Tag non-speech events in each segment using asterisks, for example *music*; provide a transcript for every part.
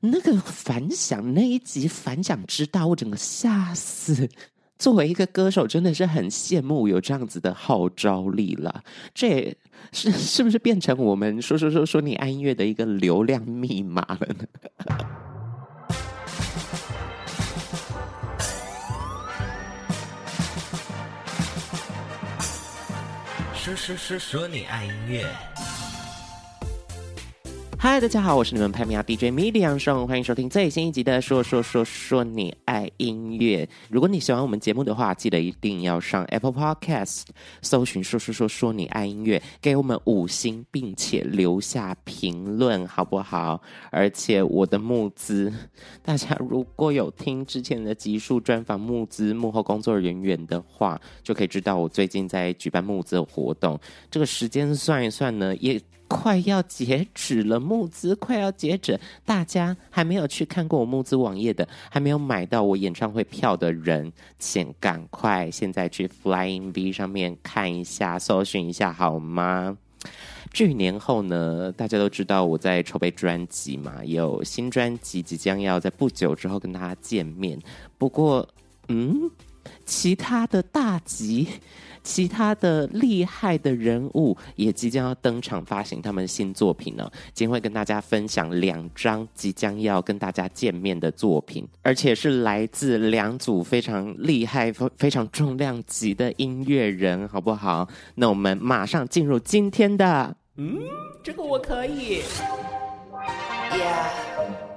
那個反響，那一集反響之大，我整個嚇死。作為一個歌手，真的是很羨慕有這樣子的號召力了。這是是不是變成我們說說說說你愛音樂的一個流量密碼了呢？說說說說你愛音樂。嗨，Hi, 大家好，我是你們拍米亞 DJ 米迪昂松，歡迎收聽最新一集的《說說說說你愛音樂》。如果你喜歡我們節目的話，記得一定要上 Apple Podcast 搜尋《說說說說你愛音樂》，給我們五星，並且留下評論，好不好？而且我的募資，大家如果有聽之前的集數專訪募資幕後工作人員的話，就可以知道我最近在舉辦募資的活動。這個時間算一算呢，也，快要截止了，募資快要截止，大家還沒有去看過我募資網頁的，還沒有買到我演唱會票的人，請趕快現在去 Flying V 上面看一下，搜尋一下好嗎？至於年後呢，大家都知道我在籌備專輯嘛，有新專輯即將要在不久之後跟大家見面。不過，嗯。其他的大吉，其他的厲害的人物也即將要登場，發行他們新作品呢、哦。今天會跟大家分享兩張即將要跟大家見面的作品，而且是來自兩組非常厲害、非常重量級的音樂人，好不好？那我們馬上進入今天的，嗯，這個我可以、Yeah!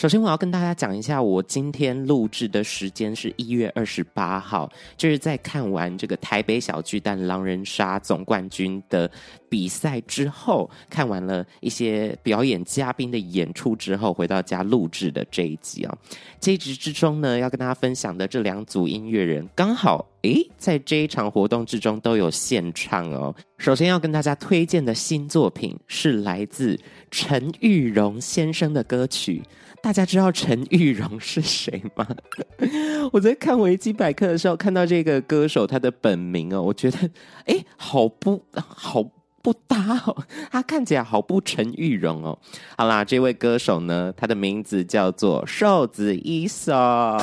首先，我要跟大家講一下，我今天錄製的時間是一月二十八號，就是在看完這個台北小巨蛋狼人殺總冠軍的比賽之後，看完了一些表演嘉賓的演出之後，回到家錄製的這一集啊、哦。這一集之中呢，要跟大家分享的這兩組音樂人，剛好。欸、在這一場活動之中都有獻唱哦。首先要跟大家推薦的新作品是來自陳玉蓉先生的歌曲。大家知道陳玉蓉是誰嗎？ *laughs* 我在看維基百科的時候看到這個歌手他的本名哦，我覺得哎、欸，好不好不搭哦，他看起來好不陳玉蓉哦。好啦，這位歌手呢，他的名字叫做瘦子 E.SO。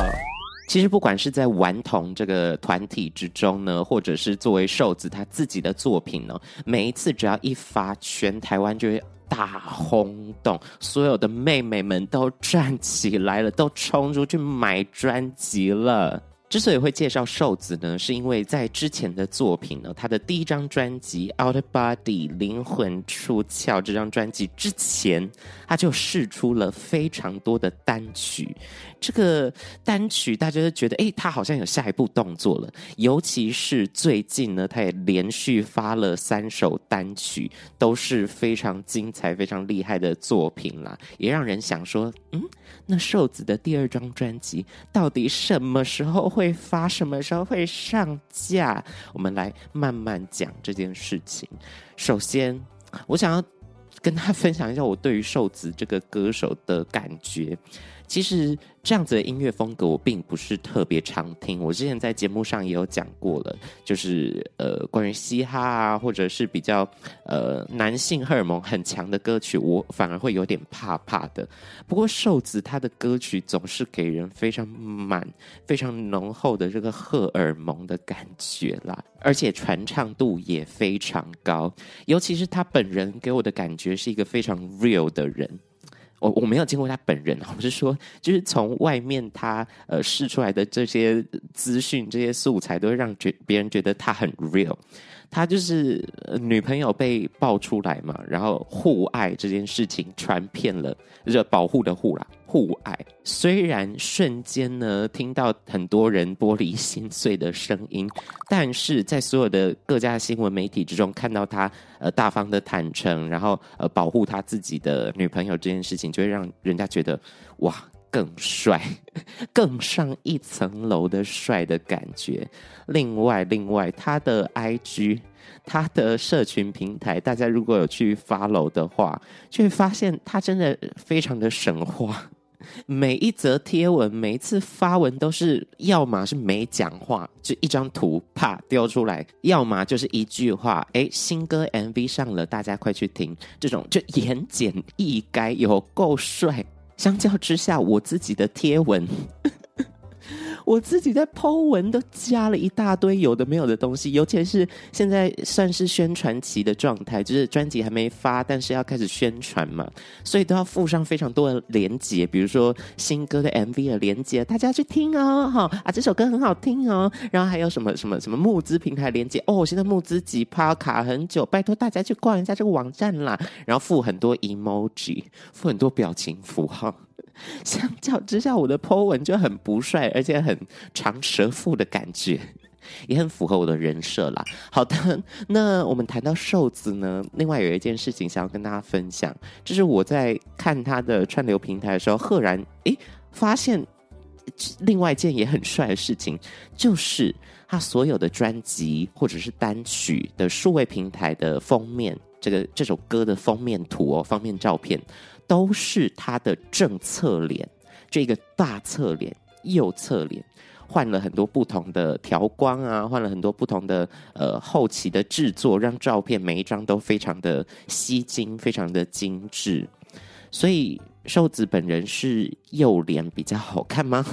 其實，不管是在頑童這個團體之中呢，或者是作為瘦子他自己的作品呢，每一次只要一發，全台灣就會大轟動，所有的妹妹們都站起來了，都衝出去買專輯了。之所以會介紹瘦子呢，是因為在之前的作品呢，他的第一張專輯《Outta Body 靈魂出竅》這張專輯之前，他就釋出了非常多的單曲。這個單曲大家都覺得，哎，他好像有下一步動作了。尤其是最近呢，他也連續發了三首單曲，都是非常精彩、非常厲害的作品啦，也讓人想說，嗯。那瘦子的第二張專輯到底什麼時候會發？什麼時候會上架？我們來慢慢講這件事情。首先，我想要跟大家分享一下我對於瘦子這個歌手的感覺。其實這樣子的音樂風格我並不是特別常聽，我之前在節目上也有講過了，就是呃關於嘻哈啊，或者是比較呃男性荷爾蒙很強的歌曲，我反而會有點怕怕的。不過瘦子他的歌曲總是給人非常滿、非常濃厚的這個荷爾蒙的感覺啦，而且傳唱度也非常高，尤其是他本人給我的感覺是一個非常 real 的人。我我沒有見過他本人，我是說，就是從外面他呃釋出來的這些資訊、這些素材，都會讓覺別人覺得他很 real。他就是、呃、女朋友被爆出來嘛，然後護愛這件事情傳遍了，熱、就是、保護的護啦。互愛，雖然瞬間呢聽到很多人玻璃心碎的聲音，但是在所有的各家的新聞媒體之中看到他呃大方的坦誠，然後呃保護他自己的女朋友這件事情，就會讓人家覺得哇更帥，更上一層樓的帥的感覺。另外另外他的 IG 他的社群平台，大家如果有去 follow 的話，就會發現他真的非常的神話。每一則貼文，每一次發文都是，要麼是沒講話，就一張圖啪丟出來，要麼就是一句話，哎，新歌 MV 上了，大家快去聽。這種就言簡意賅有夠帥。相較之下，我自己的貼文。 *laughs* 我自己在 Po 文都加了一大堆有的沒有的東西，尤其是現在算是宣傳期的狀態，就是專輯還沒發，但是要開始宣傳嘛，所以都要附上非常多的鏈接，比如說新歌的 MV 的鏈接，大家去聽哦，好啊，這首歌很好聽哦，然後還有什麼什麼什麼募資平台鏈接，哦，我現在募資幾趴卡很久，拜託大家去逛一下這個網站啦，然後附很多 emoji，附很多表情符號。相較之下，我的 Po 文就很不帥，而且很長舌婦的感覺，也很符合我的人設啦。好的，那我們談到瘦子呢，另外有一件事情想要跟大家分享，就是我在看他的串流平台的時候，赫然誒、欸、發現另外一件也很帥的事情，就是他所有的專輯或者是單曲的數位平台的封面，這個這首歌的封面圖哦，封面照片。都是他的正側臉，這個大側臉、右側臉，換了很多不同的調光啊，換了很多不同的呃後期的製作，讓照片每一張都非常的吸睛，非常的精緻。所以瘦子本人是右臉比較好看嗎？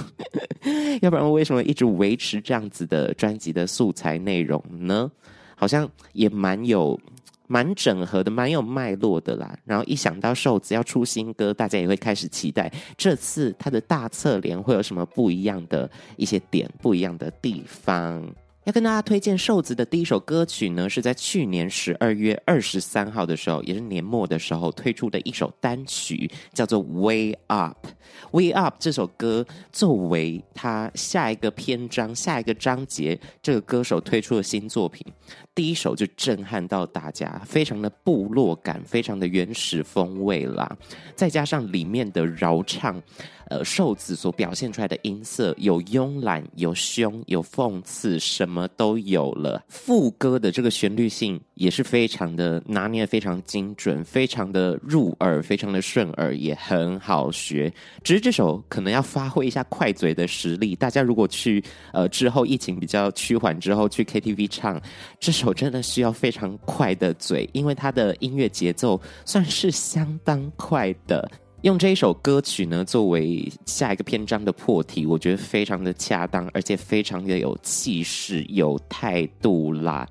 *laughs* 要不然我為什麼一直維持這樣子的專輯的素材內容呢？好像也蠻有。蠻整合的，蠻有脈絡的啦。然後一想到瘦子要出新歌，大家也會開始期待這次他的大側臉會有什麼不一樣的一些點，不一樣的地方。要跟大家推薦瘦子的第一首歌曲呢，是在去年十二月二十三號的時候，也是年末的時候推出的一首單曲，叫做《Way Up》。We Up 這首歌作為他下一個篇章、下一個章節，這個歌手推出的新作品，第一首就震撼到大家，非常的部落感，非常的原始風味啦，再加上裡面的饒唱。呃，瘦子所表現出來的音色有慵懶，有凶，有諷刺，什麼都有了。副歌的這個旋律性也是非常的拿捏，非常精準，非常的入耳，非常的順耳，也很好學。只是這首可能要發揮一下快嘴的實力。大家如果去呃之後疫情比較趨緩之後去 KTV 唱這首，真的需要非常快的嘴，因為它的音樂節奏算是相當快的。用這一首歌曲呢，作為下一個篇章的破題，我覺得非常的恰當，而且非常的有氣勢，有態度啦。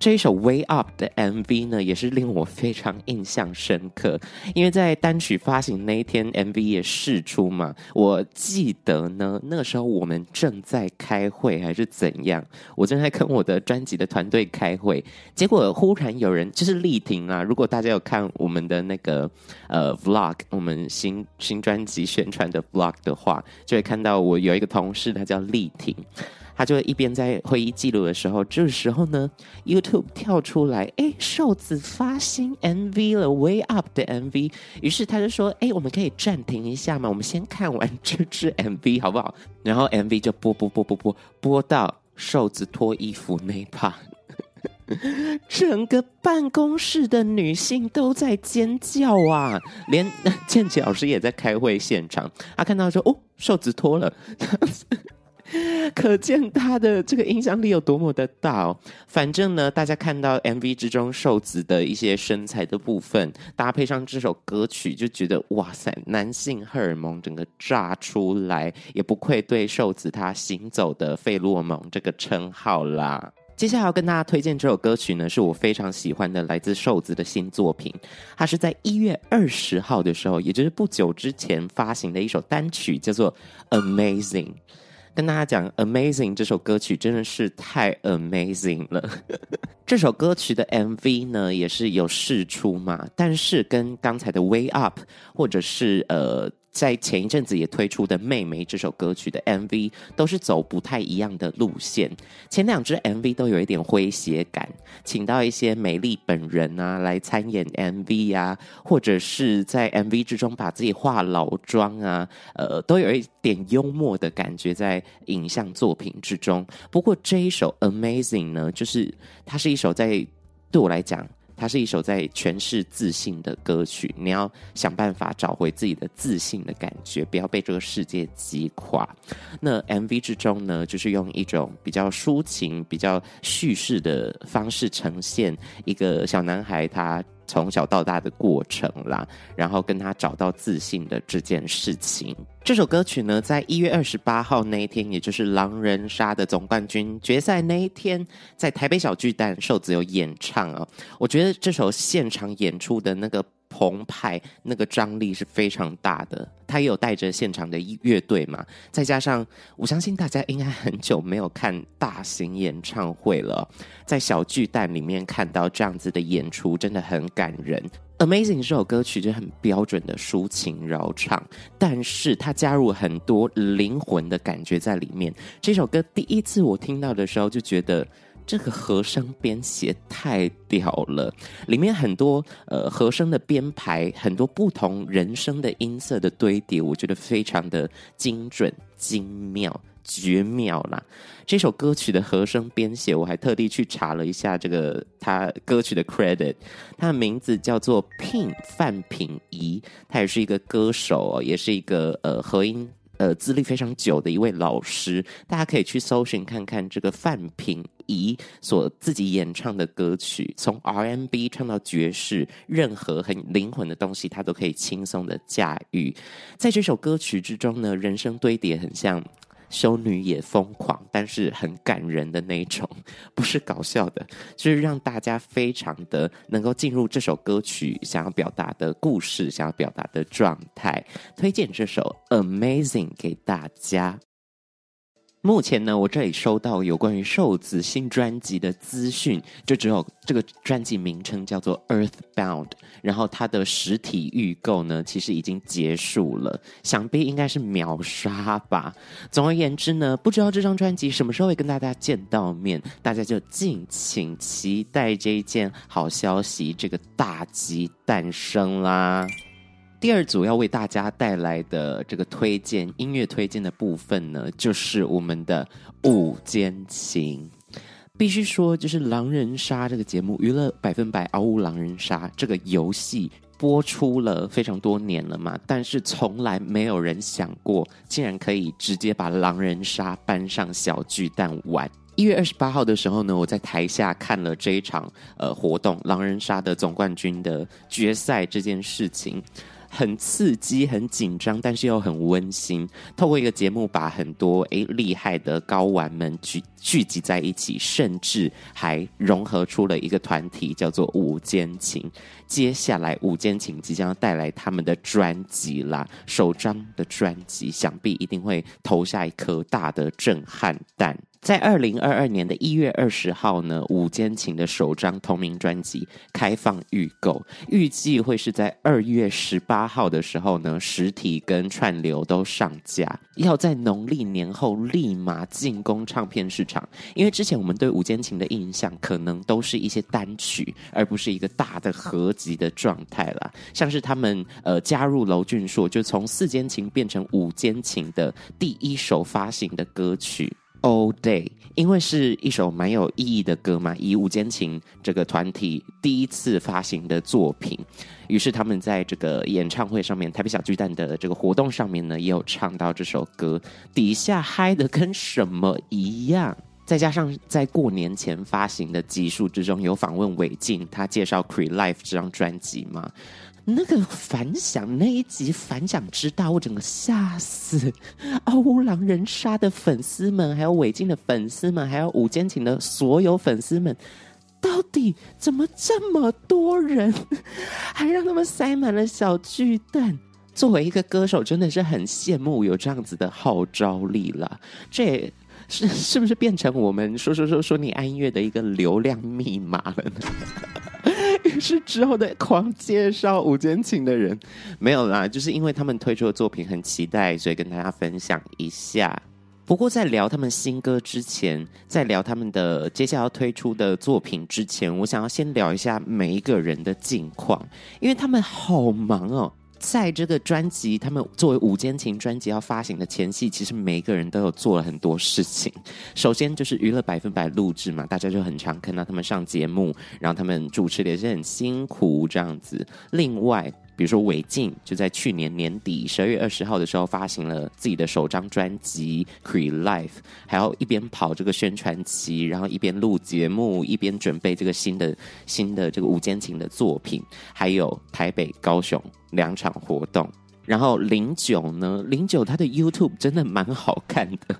這一首《Way Up》的 MV 呢，也是令我非常印象深刻，因為在單曲發行那一天，MV 也釋出嘛。我記得呢，那個時候我們正在開會還是怎樣，我正在跟我的專輯的團隊開會，結果忽然有人就是麗婷啊。如果大家有看我們的那個呃 Vlog，我們新新專輯宣傳的 Vlog 的話，就會看到我有一個同事，他叫麗婷。他就一邊在會議記錄的時候，這個、時候呢，YouTube 跳出來，哎、欸，瘦子發新 MV 了，Way Up 的 MV。於是他就說，哎、欸，我們可以暫停一下嗎？我們先看完這支 MV 好不好？然後 MV 就播播播播播播到瘦子脫衣服那一趴 *laughs* 整個辦公室的女性都在尖叫啊！連健奇老師也在開會現場，他看到說，哦，瘦子脫了。 *laughs* 可見他的這個影響力有多麼的大哦。反正呢，大家看到 MV 之中瘦子的一些身材的部分，搭配上這首歌曲，就覺得哇塞，男性荷爾蒙整個炸出來，也不愧對瘦子他行走的費洛蒙這個稱號啦。接下來要跟大家推薦這首歌曲呢，是我非常喜歡的，來自瘦子的新作品。它是在一月二十號的時候，也就是不久之前發行的一首單曲，叫做《Amazing》。跟大家講，《Amazing》這首歌曲真的是太 amazing 了。 *laughs* 這首歌曲的 MV 呢，也是有釋出嘛，但是跟剛才的《Way Up》或者是呃。在前一陣子也推出的《妹妹》這首歌曲的 MV 都是走不太一樣的路線，前兩支 MV 都有一點詼諧感，請到一些美麗本人啊來參演 MV 啊，或者是在 MV 之中把自己化老妝啊，呃，都有一點幽默的感覺在影像作品之中。不過這一首 Amazing 呢，就是它是一首在，對我來講。它是一首在詮釋自信的歌曲，你要想辦法找回自己的自信的感覺，不要被這個世界擊垮。那 MV 之中呢，就是用一種比較抒情、比較敘事的方式呈現一個小男孩他。從小到大的過程啦，然後跟他找到自信的這件事情。這首歌曲呢，在一月二十八號那一天，也就是狼人殺的總冠軍決賽那一天，在台北小巨蛋，瘦子有演唱啊、哦。我覺得這首現場演出的那個。澎湃，那個張力是非常大的，他也有帶着現場的樂隊嘛，再加上我相信大家應該很久沒有看大型演唱會了，在小巨蛋裡面看到這樣子的演出真的很感人。Amazing 這首歌曲就很標準的抒情饒唱，但是他加入很多靈魂的感覺在裡面。這首歌第一次我聽到的時候就覺得。這個和聲編寫太屌了，裡面很多呃和聲的編排，很多不同人聲的音色的堆疊，我覺得非常的精準、精妙、絕妙啦！這首歌曲的和聲編寫，我還特地去查了一下，這個他歌曲的 credit，他的名字叫做 Pink 范品儀，他也是一個歌手、哦，也是一個呃和音。呃，資歷非常久的一位老師，大家可以去搜尋看看這個范平怡所自己演唱的歌曲，從 R&B 唱到爵士，任何很靈魂的東西，他都可以輕鬆的駕馭。在這首歌曲之中呢，人聲堆疊，很像。修女也瘋狂，但是很感人的那一種，不是搞笑的，就是讓大家非常的能夠進入這首歌曲想要表達的故事，想要表達的狀態。推薦這首《Amazing》給大家。目前呢，我這裡收到有關於瘦子新專輯的資訊，就只有這個專輯名稱叫做《EARTHBOUND》，然後它的實體預購呢，其實已經結束了，想必應該是秒殺吧。總而言之呢，不知道這張專輯什麼時候會跟大家見到面，大家就敬請期待這一件好消息，這個大吉誕生啦。第二組要為大家帶來的這個推薦音樂推薦的部分呢，就是我們的《五堅情》。必須說，就是《狼人殺》這個節目，《娛樂百分百》《嗷嗚狼人殺》這個遊戲播出了非常多年了嘛，但是從來沒有人想過，竟然可以直接把狼人殺搬上小巨蛋玩。一月二十八號的時候呢，我在台下看了這一場呃活動《狼人殺》的總冠軍的決賽這件事情。很刺激，很緊張，但是又很溫馨。透過一個節目，把很多，欸，厲害的高玩們去聚集在一起，甚至還融合出了一個團體，叫做五堅情。接下來，五堅情即將要帶來他們的專輯啦，首張的專輯想必一定會投下一顆大的震撼彈。在二零二二年的一月二十號呢，五堅情的首張同名專輯開放預購，預計會是在二月十八號的時候呢，實體跟串流都上架，要在農曆年後立馬進攻唱片市場。因為之前我們對五堅情的印象，可能都是一些單曲，而不是一個大的合集的狀態啦。像是他們呃加入婁峻碩，就從四堅情變成五堅情的第一首發行的歌曲。All day，因為是一首蠻有意義的歌嘛，以五堅情這個團體第一次發行的作品，於是他們在這個演唱會上面，台北小巨蛋的這個活動上面呢，也有唱到這首歌，底下嗨的跟什麼一樣，再加上在過年前發行的集數之中，有訪問偉晉，他介紹《Creed Life》這張專輯嘛。那個反響，那一集反響之大，我整個嚇死！傲烏狼人殺的粉絲們，還有偉晉的粉絲們，還有五堅情的所有粉絲們，到底怎麼這麼多人？還讓他們塞滿了小巨蛋。作為一個歌手，真的是很羨慕有這樣子的號召力了。這。是是不是變成我們說說說說你愛音樂的一個流量密碼了呢？於 *laughs* 是之後的狂介紹五堅情的人，沒有啦，就是因為他們推出的作品很期待，所以跟大家分享一下。不過在聊他們新歌之前，在聊他們的接下來要推出的作品之前，我想要先聊一下每一個人的近況，因為他們好忙哦。在這個專輯，他們作為《五堅情》專輯要發行的前夕，其實每一個人都有做了很多事情。首先就是娛樂百分百錄製嘛，大家就很常看到他們上節目，然後他們主持的也是很辛苦這樣子。另外，比如說，偉晉就在去年年底十二月二十號的時候發行了自己的首張專輯《Creelife》，還要一邊跑這個宣傳期，然後一邊錄節目，一邊準備這個新的新的這個五堅情的作品，還有台北、高雄兩場活動。然後零九呢，零九他的 YouTube 真的蠻好看的。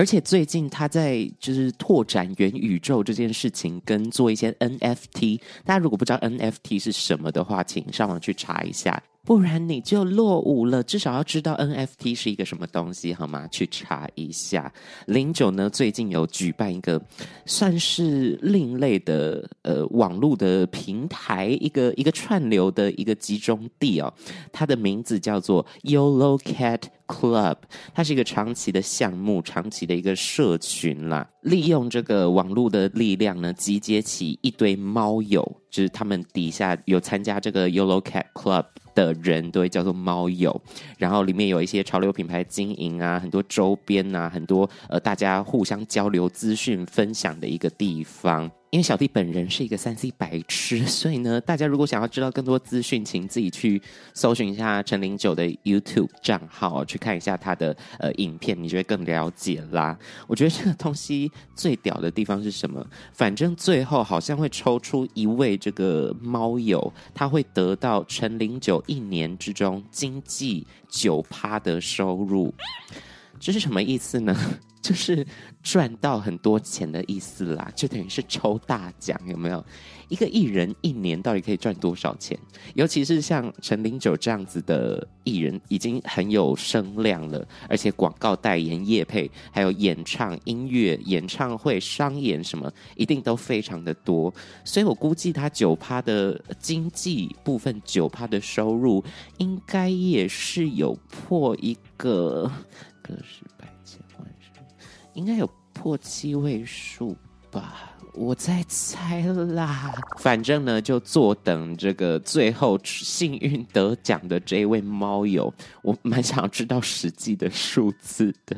而且最近他在就是拓展元宇宙這件事情，跟做一些 NFT。大家如果不知道 NFT 是什麼的話，請上網去查一下，不然你就落伍了。至少要知道 NFT 是一個什麼東西，好嗎？去查一下。零九呢，最近有舉辦一個算是另類的呃網絡的平台，一個一個串流的一個集中地哦。它的名字叫做 YOLO Cat。Club，它是一個長期的項目，長期的一個社群啦。利用這個網絡的力量呢，集結起一堆貓友，就是他們底下有參加這個 YOLO Cat Club 的人，都會叫做貓友。然後裡面有一些潮流品牌經營啊，很多周邊啊，很多呃，大家互相交流資訊分享的一個地方。因為小弟本人是一個三 C 白痴，所以呢，大家如果想要知道更多資訊，請自己去搜尋一下陳零九的 YouTube 賬號，去看一下他的呃影片，你就會更了解啦。我覺得這個東西最屌的地方是什麼？反正最後好像會抽出一位這個貓友，他會得到陳零九一年之中經濟九趴的收入，這是什麼意思呢？就是賺到很多錢的意思啦，就等於是抽大獎，有沒有？一個藝人一年到底可以賺多少錢？尤其是像陳零九這樣子的藝人，已經很有聲量了，而且廣告代言、業配，還有演唱、音樂、演唱會、商演什麼，一定都非常的多。所以我估計他九趴的經濟部分，九趴的收入，應該也是有破一個個失敗。應該有破七位數吧，我在猜啦。反正呢，就坐等這個最後幸運得獎的這一位貓友，我蠻想要知道實際的數字的。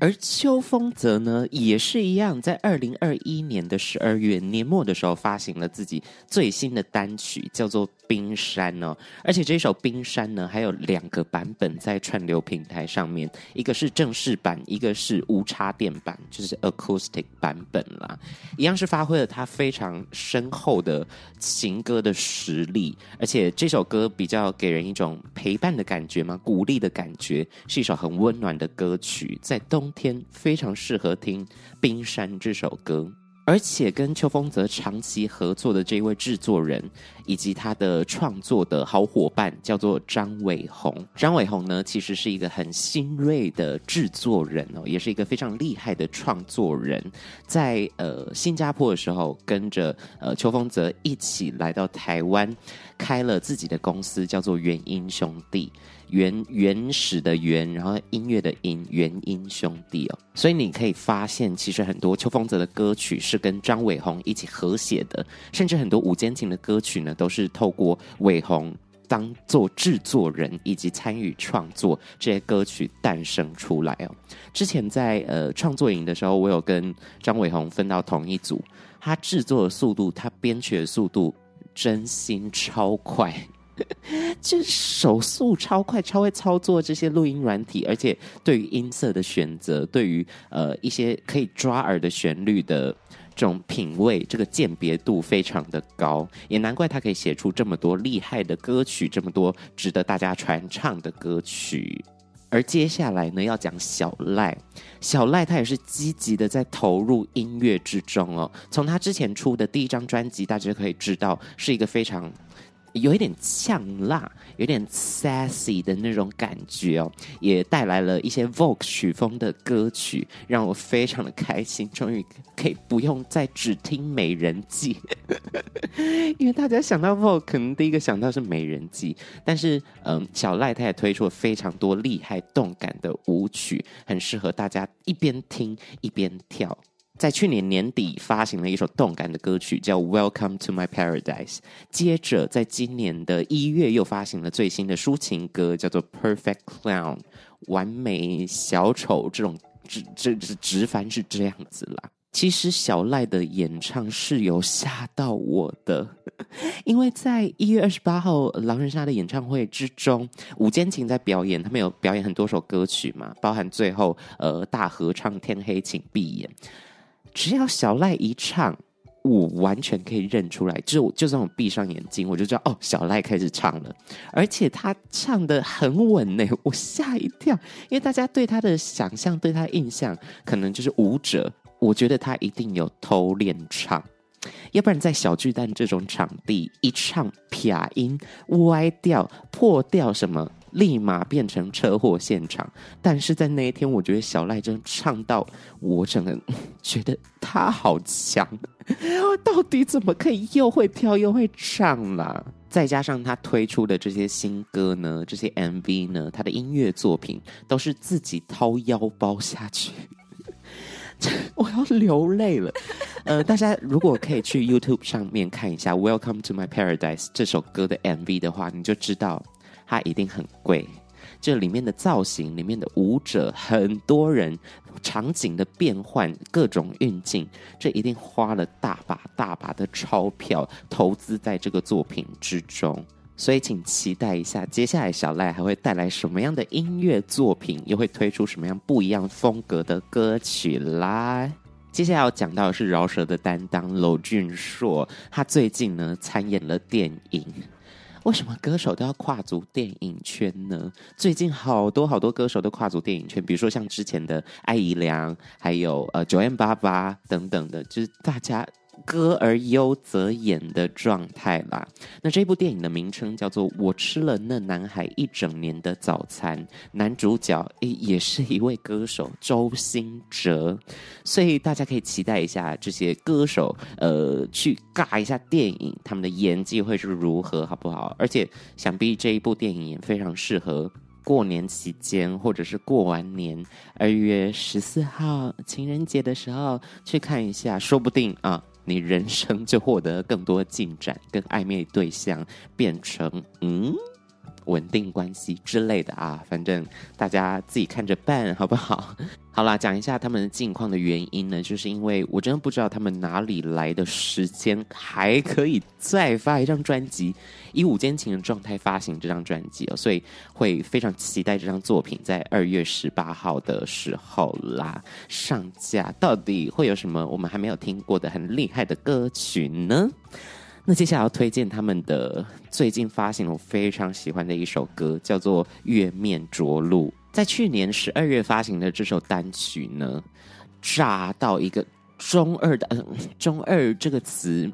而邱鋒澤呢，也是一樣，在二零二一年的十二月年末的時候，發行了自己最新的單曲，叫做《冰山》哦、喔。而且這首《冰山》呢，還有兩個版本在串流平台上面，一個是正式版，一個是無插電版，就是 acoustic 版本啦。一樣是發揮了他非常深厚的情歌的實力，而且這首歌比較給人一種陪伴的感覺嘛，鼓勵的感覺，是一首很溫暖的歌曲，在冬天非常適合聽《冰山》這首歌，而且跟邱峰澤長期合作的這位制作人，以及他的創作的好夥伴，叫做張偉宏。張偉宏呢，其實是一個很新銳的制作人哦，也是一個非常厲害的創作人。在呃新加坡的時候，跟着呃邱峰澤一起來到台灣，開了自己的公司，叫做元音兄弟。原原始的原，然後音樂的音，原音兄弟哦，所以你可以發現，其實很多邱鋒澤的歌曲是跟張偉宏一起合寫的，甚至很多五堅情的歌曲呢，都是透過偉宏當做製作人以及參與創作這些歌曲誕生出來哦。之前在呃創作營的時候，我有跟張偉宏分到同一組，他製作的速度，他編曲的速度，真心超快。 *laughs* 就手速超快，超會操作這些錄音軟體，而且對於音色的選擇，對於呃一些可以抓耳、er、的旋律的這種品味，這個鑑別度非常的高，也難怪他可以寫出這麼多厲害的歌曲，這麼多值得大家傳唱的歌曲。而接下來呢，要講小賴，小賴他也是積極的在投入音樂之中哦。從他之前出的第一張專輯，大家就可以知道是一個非常。有一點嗆辣，有點 sassy 的那種感覺哦，也帶來了一些 Vogue 曲風的歌曲，讓我非常的開心，終於可以不用再只聽《美人計，》 *laughs* 因為大家想到 Vogue，可能第一個想到是《美人計》，但是嗯，小賴他也推出了非常多厲害動感的舞曲，很適合大家一邊聽一邊跳。在去年年底發行了一首動感的歌曲，叫《Welcome to My Paradise》。接着，在今年的一月又發行了最新的抒情歌，叫做《Perfect Clown》。完美小丑，這種這這這直凡是這樣子啦。其實小賴的演唱是有嚇到我的，因為在一月二十八號狼人殺的演唱會之中，五堅情在表演，他們有表演很多首歌曲嘛，包含最後呃大合唱《天黑請閉眼》。只要小賴一唱，我完全可以認出來。就就算我閉上眼睛，我就知道哦，小賴開始唱了。而且他唱得很穩耶，我嚇一跳。因為大家對他的想象、對他的印象，可能就是舞者。我覺得他一定有偷練唱，要不然在小巨蛋這種場地一唱，啪音、歪掉、破掉什麼。立馬變成車禍現場，但是在那一天，我覺得小賴真唱到我，整個覺得他好強 *laughs* 我到底怎麼可以又會跳又會唱啦？再加上他推出的這些新歌呢，這些 MV 呢，他的音樂作品都是自己掏腰包下去， *laughs* 我要流淚了。 *laughs* 呃，大家如果可以去 YouTube 上面看一下《Welcome to My Paradise》這首歌的 MV 的話，你就知道。它一定很貴，這裡面的造型、裡面的舞者、很多人、場景的變換、各種運鏡，這一定花了大把大把的鈔票投資在這個作品之中。所以，請期待一下，接下來小賴還會帶來什麼樣的音樂作品，又會推出什麼樣不一樣風格的歌曲啦。接下來要講到的是饒舌的擔當婁峻碩，他最近呢參演了電影。為什麼歌手都要跨足電影圈呢？最近好多好多歌手都跨足電影圈，比如說像之前的艾怡良，還有呃 9m88 等等的，就是大家。歌而優則演的狀態啦。那這部電影的名稱叫做《我吃了那男孩一整年的早餐》，男主角誒也是一位歌手周興哲，所以大家可以期待一下這些歌手呃去尬一下電影，他們的演技會是如何，好不好？而且想必這一部電影也非常適合過年期間，或者是過完年二月十四號情人節的時候去看一下，說不定啊。你人生就獲得更多進展，跟曖昧對象變成嗯。穩定關係之類的啊，反正大家自己看着辦，好不好？好啦，講一下他們的近況的原因呢，就是因為我真的不知道他們哪裡來的時間，還可以再發一張專輯，以五堅情的狀態發行這張專輯哦，所以會非常期待這張作品在二月十八號的時候啦上架，到底會有什麼我們還沒有聽過的很厲害的歌曲呢？那接下來要推薦他們的最近發行我非常喜歡的一首歌，叫做《月面着陸》。在去年十二月發行的這首單曲呢，炸到一個中二的，嗯，中二這個詞。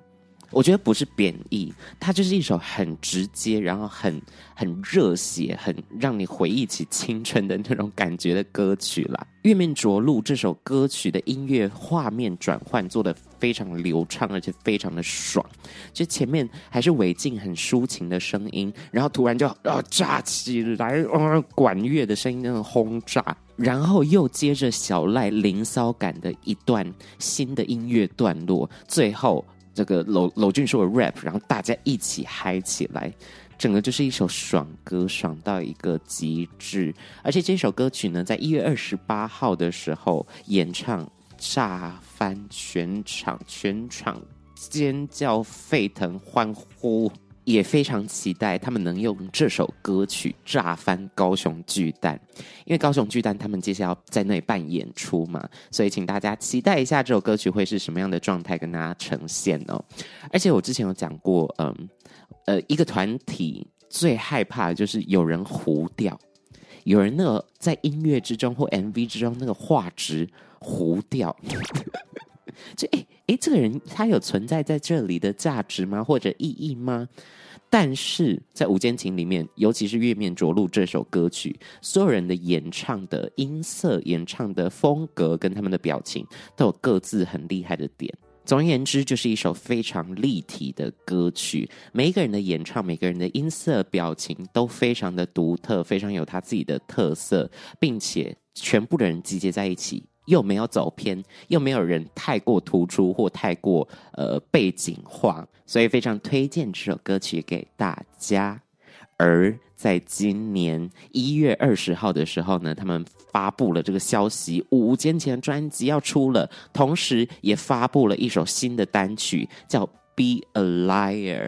我覺得不是貶義，它就是一首很直接，然後很很熱血，很讓你回憶起青春的那種感覺的歌曲啦。《月面着陸》這首歌曲的音樂畫面轉換做得非常流暢，而且非常的爽。就前面還是偉晉很抒情的聲音，然後突然就啊炸起來，啊管樂的聲音那種轟炸，然後又接着小賴靈騷感的一段新的音樂段落，最後。這個婁婁峻碩的 rap，然後大家一起嗨起來，整個就是一首爽歌，爽到一個極致。而且這首歌曲呢，在一月二十八號的時候演唱，炸翻全場，全場尖叫沸騰，歡呼。也非常期待他們能用這首歌曲炸翻高雄巨蛋，因為高雄巨蛋他們接下來要在那裡辦演出嘛，所以請大家期待一下這首歌曲會是什麼樣的狀態跟大家呈現哦。而且我之前有講過，嗯、呃，呃，一個團體最害怕的就是有人糊掉，有人那個在音樂之中或 MV 之中那個畫質糊掉，就誒。 *laughs* 欸誒，這個人他有存在在這裡的價值嗎？或者意義嗎？但是在《五堅情》裡面，尤其是《月面着陸》這首歌曲，所有人的演唱的音色、演唱的風格跟他們的表情都有各自很厲害的點。總而言之，就是一首非常立體的歌曲。每一個人的演唱、每個人的音色、表情都非常的獨特，非常有他自己的特色，並且全部的人集結在一起。又沒有走偏，又沒有人太過突出或太過呃背景化，所以非常推薦這首歌曲給大家。而在今年一月二十號的時候呢，他們發布了這個消息，五堅情專輯要出了，同時也發布了一首新的單曲，叫《Be a Liar》，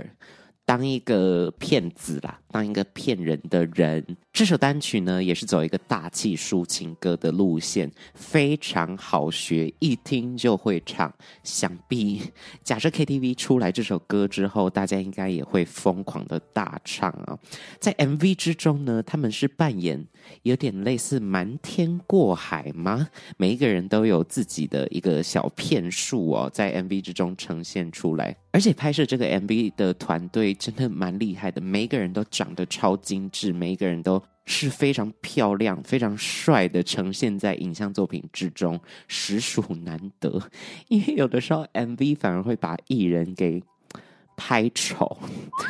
當一個騙子啦。當一個騙人的人，這首單曲呢也是走一個大氣抒情歌的路線，非常好學，一聽就會唱。想必假設 KTV 出來這首歌之後，大家應該也會瘋狂的大唱啊！在 MV 之中呢，他們是扮演有點類似瞞天過海嗎？每一個人都有自己的一個小騙術哦，在 MV 之中呈現出來，而且拍攝這個 MV 的團隊真的蠻厲害的，每一個人都。長得超精緻，每一個人都是非常漂亮、非常帥的，呈現在影像作品之中，實屬難得。因為有的時候 MV 反而會把藝人給。拍醜，對，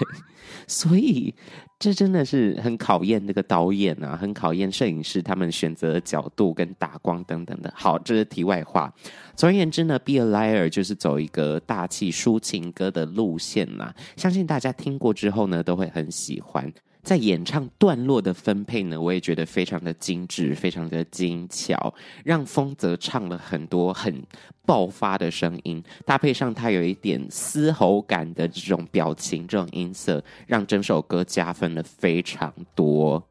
所以這真的是很考驗那個導演啊，很考驗攝影師他們選擇的角度跟打光等等的，好，這是題外話。總而言之呢 Be A Liar 就是走一個大氣抒情歌的路線啦、啊，相信大家聽過之後呢，都會很喜歡。在演唱段落的分配呢，我也覺得非常的精緻，非常的精巧，讓鋒澤唱了很多很爆發的聲音，搭配上他有一點嘶吼感的這種表情、這種音色，讓整首歌加分了非常多。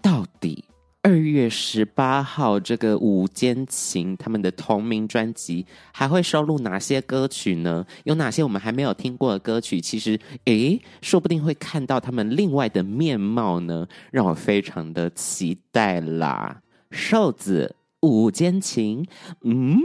到底。二月十八號，這個五堅情他們的同名專輯還會收錄哪些歌曲呢？有哪些我們還沒有聽過的歌曲？其實，誒，說不定會看到他們另外的面貌呢，讓我非常的期待啦！瘦子五堅情，嗯，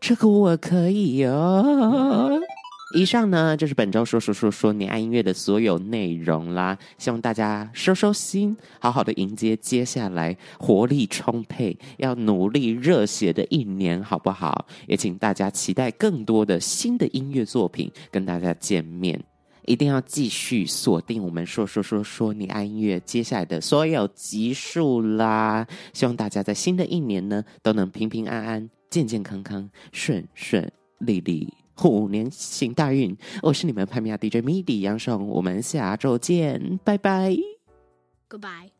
這個我可以哦。嗯以上呢就是本週說說說說你愛音樂的所有內容啦，希望大家收收心，好好的迎接接下來活力充沛、要努力熱血的一年，好不好？也請大家期待更多的新的音樂作品跟大家見面，一定要繼續鎖定我們說說說說說你愛音樂接下來的所有集數啦！希望大家在新的一年呢，都能平平安安、健健康康、順順利利。虎年行大運，我、哦、是你們潘米亞 DJ MIDI 楊爽，我們下周見，拜拜，Goodbye。